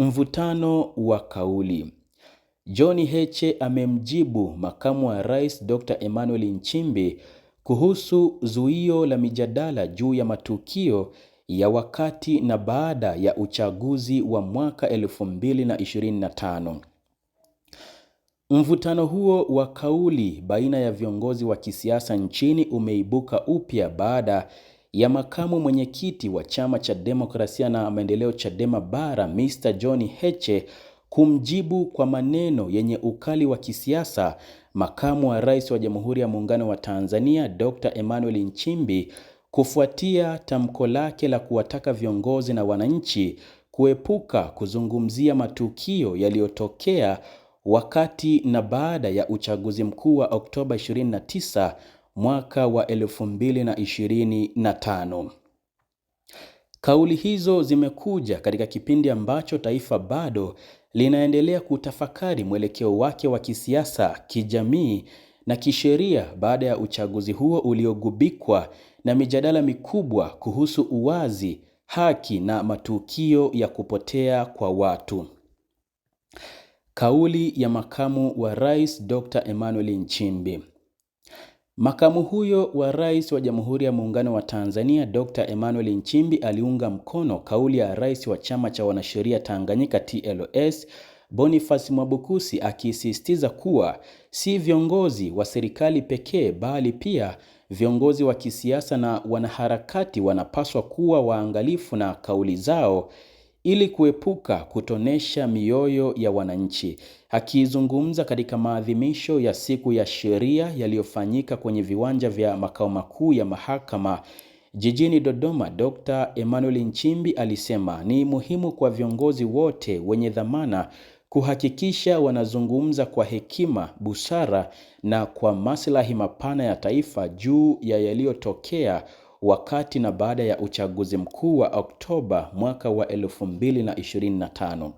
Mvutano wa kauli. John Heche amemjibu makamu wa rais Dr. Emmanuel Nchimbi kuhusu zuio la mijadala juu ya matukio ya wakati na baada ya uchaguzi wa mwaka 2025. Mvutano huo wa kauli baina ya viongozi wa kisiasa nchini umeibuka upya baada ya makamu mwenyekiti wa chama cha demokrasia na maendeleo Chadema Bara, Mr. John Heche kumjibu kwa maneno yenye ukali wa kisiasa makamu wa rais wa Jamhuri ya Muungano wa Tanzania Dr. Emmanuel Nchimbi kufuatia tamko lake la kuwataka viongozi na wananchi kuepuka kuzungumzia matukio yaliyotokea wakati na baada ya uchaguzi mkuu wa Oktoba 29 mwaka wa 2025. Kauli hizo zimekuja katika kipindi ambacho taifa bado linaendelea kutafakari mwelekeo wake wa kisiasa, kijamii na kisheria baada ya uchaguzi huo uliogubikwa na mijadala mikubwa kuhusu uwazi, haki na matukio ya kupotea kwa watu. Kauli ya makamu wa rais Dr. Emmanuel Nchimbi Makamu huyo wa Rais wa Jamhuri ya Muungano wa Tanzania, Dr. Emmanuel Nchimbi aliunga mkono kauli ya Rais wa Chama cha Wanasheria Tanganyika TLS, Boniface Mwabukusi akisisitiza kuwa si viongozi wa serikali pekee bali pia viongozi wa kisiasa na wanaharakati wanapaswa kuwa waangalifu na kauli zao ili kuepuka kutonesha mioyo ya wananchi. Akizungumza katika maadhimisho ya siku ya sheria yaliyofanyika kwenye viwanja vya makao makuu ya mahakama jijini Dodoma, Dr. Emmanuel Nchimbi alisema ni muhimu kwa viongozi wote wenye dhamana kuhakikisha wanazungumza kwa hekima, busara na kwa maslahi mapana ya taifa juu ya yaliyotokea wakati na baada ya uchaguzi mkuu wa Oktoba mwaka wa 2025.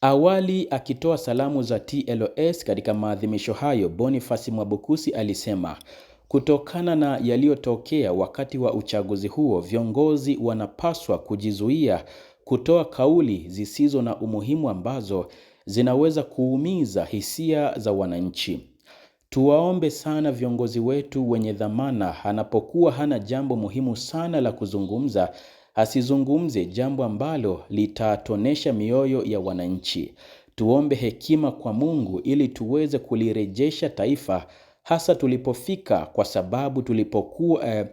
Awali akitoa salamu za TLS katika maadhimisho hayo, Boniface Mwabukusi alisema kutokana na yaliyotokea wakati wa uchaguzi huo, viongozi wanapaswa kujizuia kutoa kauli zisizo na umuhimu ambazo zinaweza kuumiza hisia za wananchi. Tuwaombe sana viongozi wetu wenye dhamana, anapokuwa hana jambo muhimu sana la kuzungumza, asizungumze jambo ambalo litatonesha mioyo ya wananchi. Tuombe hekima kwa Mungu ili tuweze kulirejesha taifa hasa tulipofika, kwa sababu tulipokuwa eh,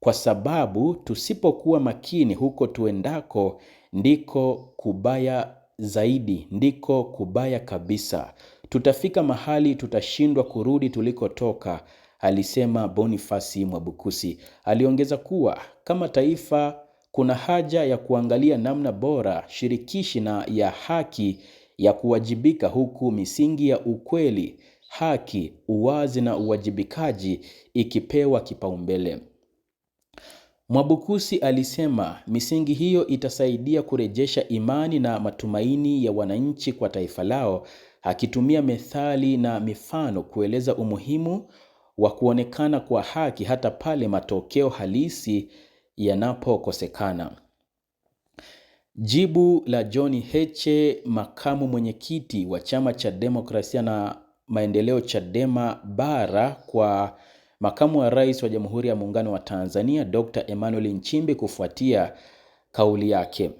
kwa sababu tusipokuwa makini, huko tuendako ndiko kubaya zaidi, ndiko kubaya kabisa tutafika mahali tutashindwa kurudi tulikotoka, alisema Bonifasi Mwabukusi. Aliongeza kuwa kama taifa kuna haja ya kuangalia namna bora, shirikishi na ya haki ya kuwajibika, huku misingi ya ukweli, haki, uwazi na uwajibikaji ikipewa kipaumbele. Mwabukusi alisema misingi hiyo itasaidia kurejesha imani na matumaini ya wananchi kwa taifa lao akitumia methali na mifano kueleza umuhimu wa kuonekana kwa haki hata pale matokeo halisi yanapokosekana. Jibu la John Heche, makamu mwenyekiti wa chama cha demokrasia na maendeleo Chadema bara kwa makamu wa rais wa Jamhuri ya Muungano wa Tanzania Dr. Emmanuel Nchimbi kufuatia kauli yake.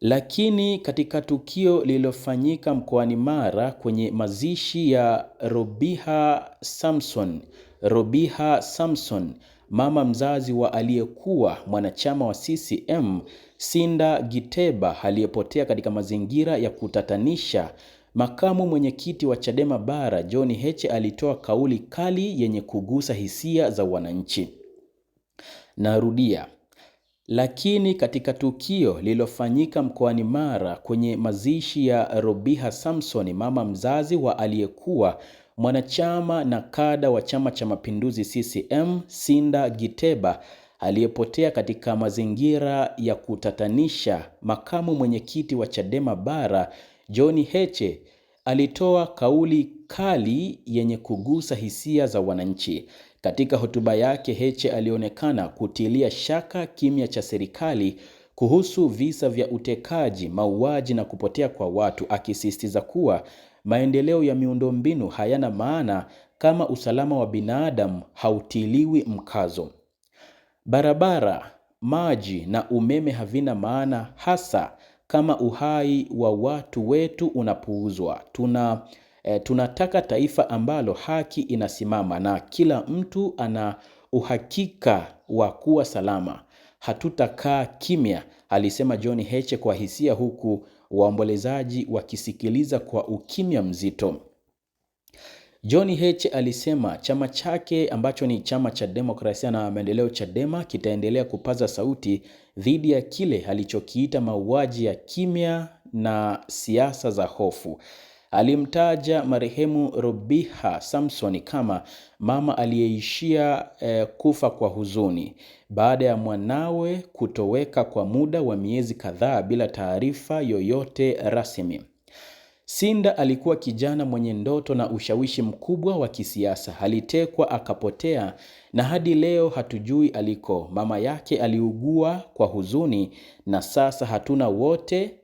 Lakini katika tukio lililofanyika mkoani Mara kwenye mazishi ya Robiha Samson, Robiha Samson, mama mzazi wa aliyekuwa mwanachama wa CCM Sinda Giteba aliyepotea katika mazingira ya kutatanisha, makamu mwenyekiti wa Chadema Bara John Heche alitoa kauli kali yenye kugusa hisia za wananchi. Narudia, lakini katika tukio lililofanyika mkoani Mara kwenye mazishi ya Robiha Samson, mama mzazi wa aliyekuwa mwanachama na kada wa Chama cha Mapinduzi CCM Sinda Giteba aliyepotea katika mazingira ya kutatanisha, makamu mwenyekiti wa Chadema Bara John Heche alitoa kauli kali yenye kugusa hisia za wananchi. Katika hotuba yake, Heche alionekana kutilia shaka kimya cha serikali kuhusu visa vya utekaji, mauaji na kupotea kwa watu, akisisitiza kuwa maendeleo ya miundombinu hayana maana kama usalama wa binadamu hautiliwi mkazo. Barabara, maji na umeme havina maana hasa kama uhai wa watu wetu unapuuzwa. Tuna e, tunataka taifa ambalo haki inasimama na kila mtu ana uhakika wa kuwa salama. Hatutakaa kimya, alisema John Heche kwa hisia, huku waombolezaji wakisikiliza kwa ukimya mzito. John Heche alisema chama chake ambacho ni chama cha demokrasia na maendeleo Chadema kitaendelea kupaza sauti dhidi ya kile alichokiita mauaji ya kimya na siasa za hofu. Alimtaja marehemu Robiha Samson kama mama aliyeishia eh, kufa kwa huzuni baada ya mwanawe kutoweka kwa muda wa miezi kadhaa bila taarifa yoyote rasmi. Sinda alikuwa kijana mwenye ndoto na ushawishi mkubwa wa kisiasa. Alitekwa akapotea, na hadi leo hatujui aliko. Mama yake aliugua kwa huzuni, na sasa hatuna wote,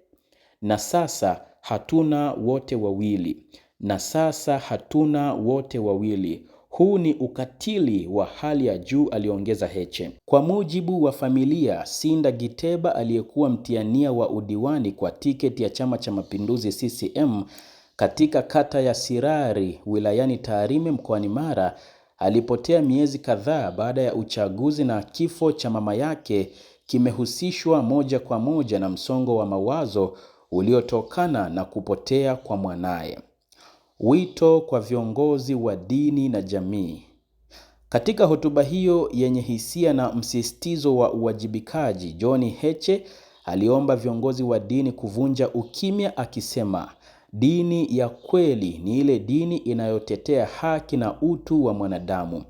na sasa hatuna wote wawili, na sasa hatuna wote wawili. Huu ni ukatili wa hali ya juu, aliongeza Heche. Kwa mujibu wa familia, Sinda Giteba aliyekuwa mtiania wa udiwani kwa tiketi ya Chama cha Mapinduzi CCM katika kata ya Sirari wilayani Tarime mkoani Mara alipotea miezi kadhaa baada ya uchaguzi na kifo cha mama yake kimehusishwa moja kwa moja na msongo wa mawazo uliotokana na kupotea kwa mwanaye. Wito kwa viongozi wa dini na jamii. Katika hotuba hiyo yenye hisia na msisitizo wa uwajibikaji, John Heche aliomba viongozi wa dini kuvunja ukimya akisema, dini ya kweli ni ile dini inayotetea haki na utu wa mwanadamu.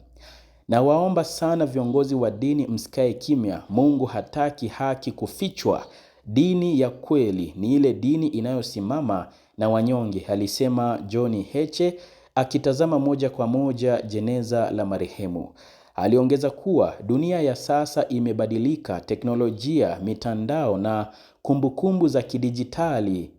Nawaomba sana viongozi wa dini msikae kimya. Mungu hataki haki kufichwa. Dini ya kweli ni ile dini inayosimama na wanyonge, alisema John Heche akitazama moja kwa moja jeneza la marehemu. Aliongeza kuwa dunia ya sasa imebadilika, teknolojia, mitandao na kumbukumbu za kidijitali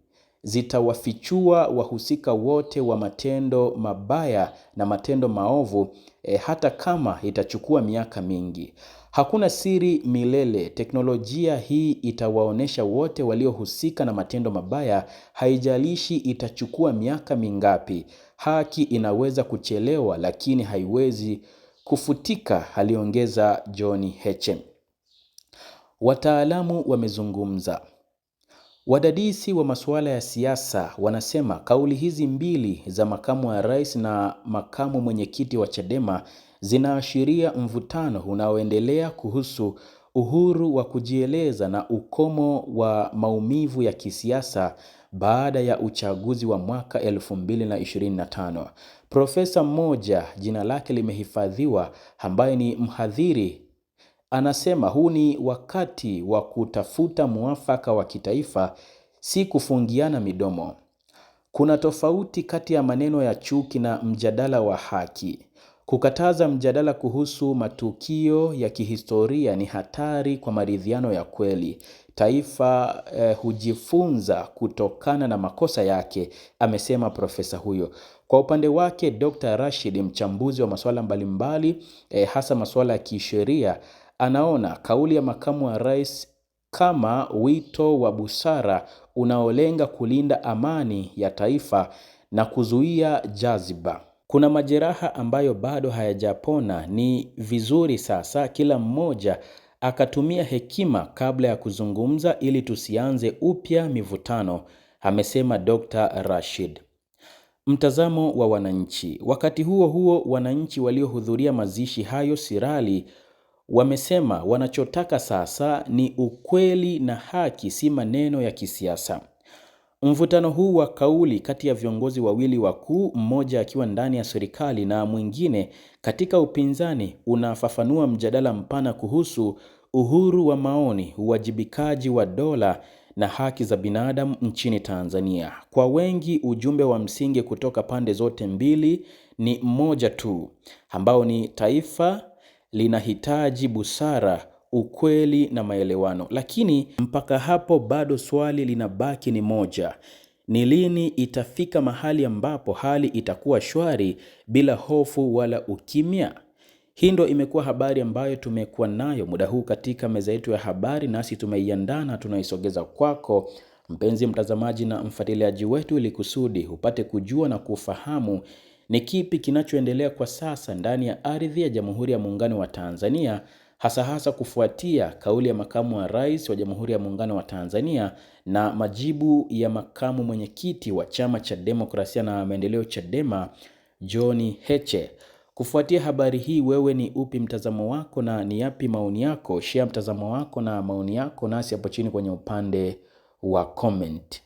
zitawafichua wahusika wote wa matendo mabaya na matendo maovu e, hata kama itachukua miaka mingi. Hakuna siri milele. Teknolojia hii itawaonyesha wote waliohusika na matendo mabaya, haijalishi itachukua miaka mingapi. Haki inaweza kuchelewa, lakini haiwezi kufutika, aliongeza John Heche. Wataalamu wamezungumza. Wadadisi wa masuala ya siasa wanasema kauli hizi mbili za makamu wa rais na makamu mwenyekiti wa Chadema zinaashiria mvutano unaoendelea kuhusu uhuru wa kujieleza na ukomo wa maumivu ya kisiasa baada ya uchaguzi wa mwaka 2025. Profesa mmoja jina lake limehifadhiwa ambaye ni mhadhiri Anasema huu ni wakati wa kutafuta mwafaka wa kitaifa, si kufungiana midomo. Kuna tofauti kati ya maneno ya chuki na mjadala wa haki. Kukataza mjadala kuhusu matukio ya kihistoria ni hatari kwa maridhiano ya kweli. Taifa eh, hujifunza kutokana na makosa yake, amesema profesa huyo. Kwa upande wake, Dr. Rashid, mchambuzi wa masuala mbalimbali eh, hasa masuala ya kisheria anaona kauli ya makamu wa rais kama wito wa busara unaolenga kulinda amani ya taifa na kuzuia jaziba. Kuna majeraha ambayo bado hayajapona. Ni vizuri sasa kila mmoja akatumia hekima kabla ya kuzungumza ili tusianze upya mivutano, amesema Dr. Rashid. Mtazamo wa wananchi. Wakati huo huo, wananchi waliohudhuria mazishi hayo Sirali Wamesema wanachotaka sasa ni ukweli na haki, si maneno ya kisiasa. Mvutano huu wa kauli kati ya viongozi wawili wakuu, mmoja akiwa ndani ya serikali na mwingine katika upinzani, unafafanua mjadala mpana kuhusu uhuru wa maoni, uwajibikaji wa dola na haki za binadamu nchini Tanzania. Kwa wengi, ujumbe wa msingi kutoka pande zote mbili ni mmoja tu, ambao ni taifa linahitaji busara, ukweli na maelewano. Lakini mpaka hapo bado swali linabaki ni moja. Ni lini itafika mahali ambapo hali itakuwa shwari bila hofu wala ukimya? Hii ndo imekuwa habari ambayo tumekuwa nayo muda huu katika meza yetu ya habari, nasi tumeiandaa na tunaisogeza kwako mpenzi mtazamaji na mfuatiliaji wetu, ili kusudi upate kujua na kufahamu ni kipi kinachoendelea kwa sasa ndani ya ardhi ya Jamhuri ya Muungano wa Tanzania, hasa hasa kufuatia kauli ya makamu wa rais wa Jamhuri ya Muungano wa Tanzania na majibu ya makamu mwenyekiti wa Chama cha Demokrasia na Maendeleo, Chadema, John Heche. Kufuatia habari hii, wewe ni upi mtazamo wako na ni yapi maoni yako? Share mtazamo wako na maoni yako nasi hapo chini kwenye upande wa comment.